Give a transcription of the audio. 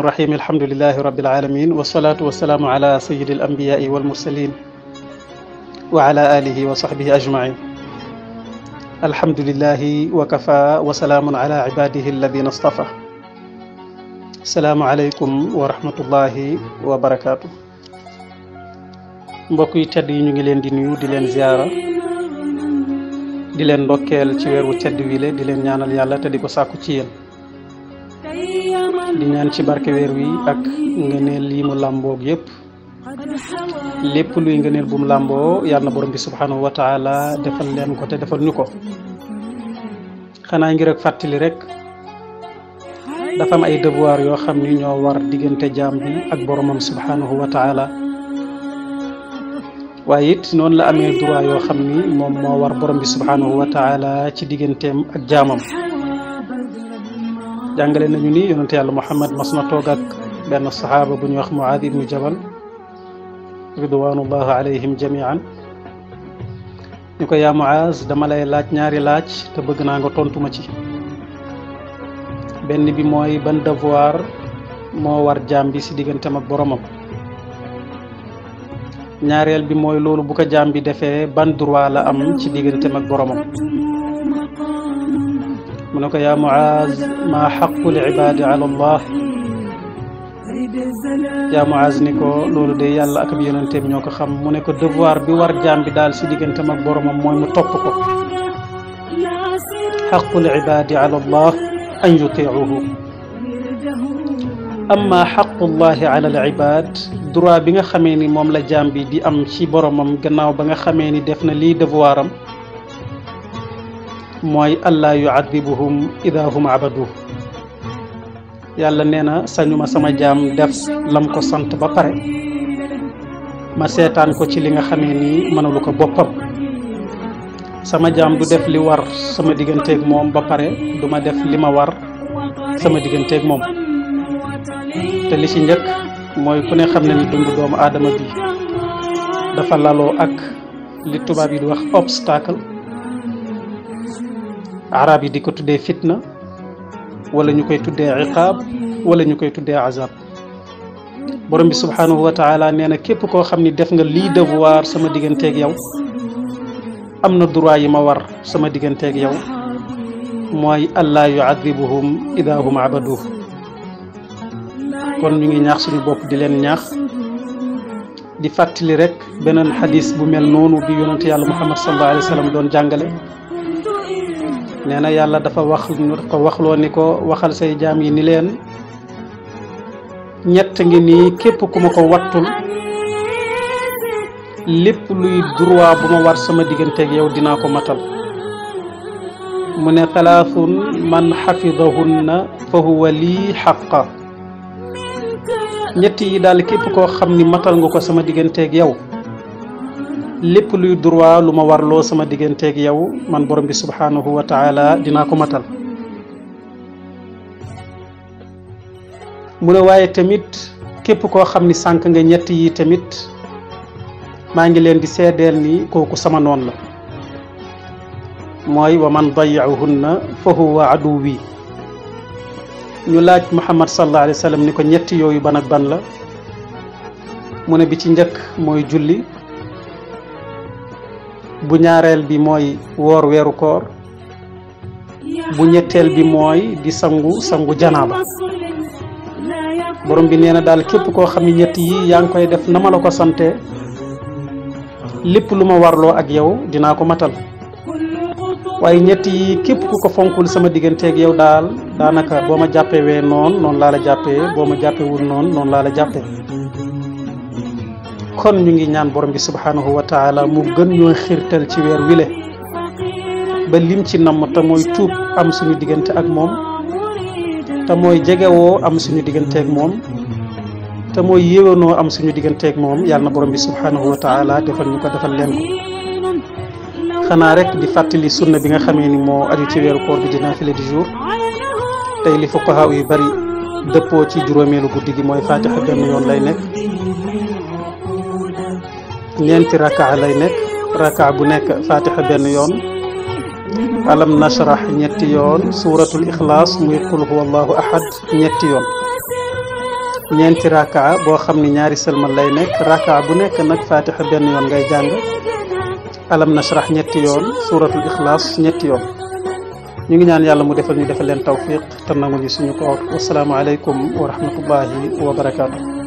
الرحيم الحمد لله رب العالمين والصلاة والسلام على سيد الأنبياء والمرسلين وعلى آله وصحبه أجمعين الحمد لله وكفى وسلام على عباده الذين اصطفى السلام عليكم ورحمة الله وبركاته mbokk yi tedd yi ñu ngi leen di nuyu di leen ziara di leen ndokkeel ci weeru tedd wi le di leen ñaanal yàlla te di ko sàkku ci yéen di ñaan ci barke weer wi ak ngëneel yi làmboog yépp lépp lu ngëneel bu làmboo yàlla na borom bi subhanahu wa taala defal leen ko te defal ñu ko xanaa ngir ak fàttali rek dafa am ay devoir yoo xam ni ñoo war diggante jaam bi ak boromam subhanahu wa taala waaye it noonu la amee droit yoo xam ni moom moo war borom bi subhanahu wa ci digganteem ak jaamam jàngale nañu ni yonente yàlla Muhammad mas na benn saxaaba bu ñu wax Muaad ibnu Jabal ridwanullah alayhim jamian ñu ko yaa Muaaz dama lay laaj ñaari laaj te bëgg naa nga tontuma ci benn bi mooy ban devoir moo war jaam bi si digganteem ak boromam ñaareel bi mooy loolu bu ko jaam bi defee ban droit la am ci digganteem ak boromam mu ne ko yaa Muaaz maa xaqul ibaadi ala allah yaa Muaaz ni ko loolu de yàlla ak ab yonenteem ñoo ko xam mu ne ko devoir bi war jaam bi daal si digganteem ak boromam mooy mu topp ko xaqul ibaadi ala allah an yutiicuhu amma xaqullahi ala al ibaad droit bi nga xamee ni moom la jaam bi di am ci boromam gannaaw ba nga xamee ni def na lii devoiram mooy allah yuadibuhum ida hum abadu yàlla nee na sañuma sama jaam def lam ko sant ba pare ma seetaan ko ci li nga xamee ni mënalu ko boppam sama jaam du def li war sama digganteeg moom ba pare du ma def li ma war sama digganteeg moom te li ci njëkk mooy ku ne xam ne ni dund doomu aadama bi dafa laloo ak li tubaab yi di wax obstacle arab yi di ko tuddee fitna wala ñu koy tuddee iqaab wala ñu koy tuddee azab borom bi subhanahu wa taala nee na képp koo xam ni def nga lii devoir sama digganteeg yow am na droit yi ma war sama digganteeg yow mooy allaa yuadibuhum ida hum abaduh kon ñu ngi ñaax suñu bopp di leen ñaax di fàttali rek beneen xadis bu mel noonu bi yonent yàlla muhammad sallallahu alayhi wa sallam doon jàngale nee na yàlla dafa wax ko waxloo ni ko waxal say jaam yi ni leen ñett ngi nii képp ku ma ko wattul lépp luy droit bu ma war sama digganteeg yow dinaa ko matal mu ne talaathun man xafidahunna fa huwa lii xaqa ñett yi daal képp koo xam ni matal nga ko sama digganteeg yow lépp luy droit lu ma warloo sama digganteeg yow man borom bi subhaanahu wa taala dinaa ko matal mu ne waaye tamit képp koo xam ni sànq nga ñett yi tamit maa ngi leen di seedeel ni kooku sama noon la mooy wa man dayahunna fa huwa aduwi ñu laaj muhammad sallallahu alayhi wa sallam ni ko ñetti yooyu ban ak ban la mu ne bi ci njëkk mooy julli bu ñaareel bi mooy woor weeru koor bu ñetteel bi mooy di sangu sangu janaaba borom bi nee na daal képp koo xam ne ñett yi yaa ngi koy def na ma la ko sante lépp lu ma warloo ak yow dinaa ko matal waaye ñett yi képp ku ko fonkul sama digganteek yow daal daanaka boo ma jàppewee wee noonu noonu laa la jàppee boo ma jàppewul noonu noonu laa la kon ñu ngi ñaan borom bi subhaanahu wa taala mu gën ñoo xiirtel ci weer wile ba lim ci namm te mooy tuub am suñu diggante ak moom te mooy jegewoo am suñu diggante ak moom te mooy yéwénoo am suñu diggante ak moom yàlla na borom bi subhaanahu wa taala defal ñu ko defal leen ko xanaa rek di fàttali sunna bi nga xamee ni moo aju ci weeru koor bi di naafile di jour tey li fuqaha yu bari dëppoo ci juróomeelu guddi gi mooy faatixa benn yoon lay nekk ñeenti raka lay nekk raka bu nekk fatiha benn yoon alam nashrah ñetti yoon suuratul ixlaas muy qul huwallahu ahad ñetti yoon ñeenti raka boo xam ni ñaari sëlmal lay nekk raka bu nekk nag fatiha benn yoon ngay jàng alam nashrah ñetti yoon suuratul ixlaas ñetti yoon ñu ngi ñaan yàlla mu defal ñu defal leen tawfiq te nangu ñu suñu koor wasalaamu aleykum wa rahmatullahi wa barakaatu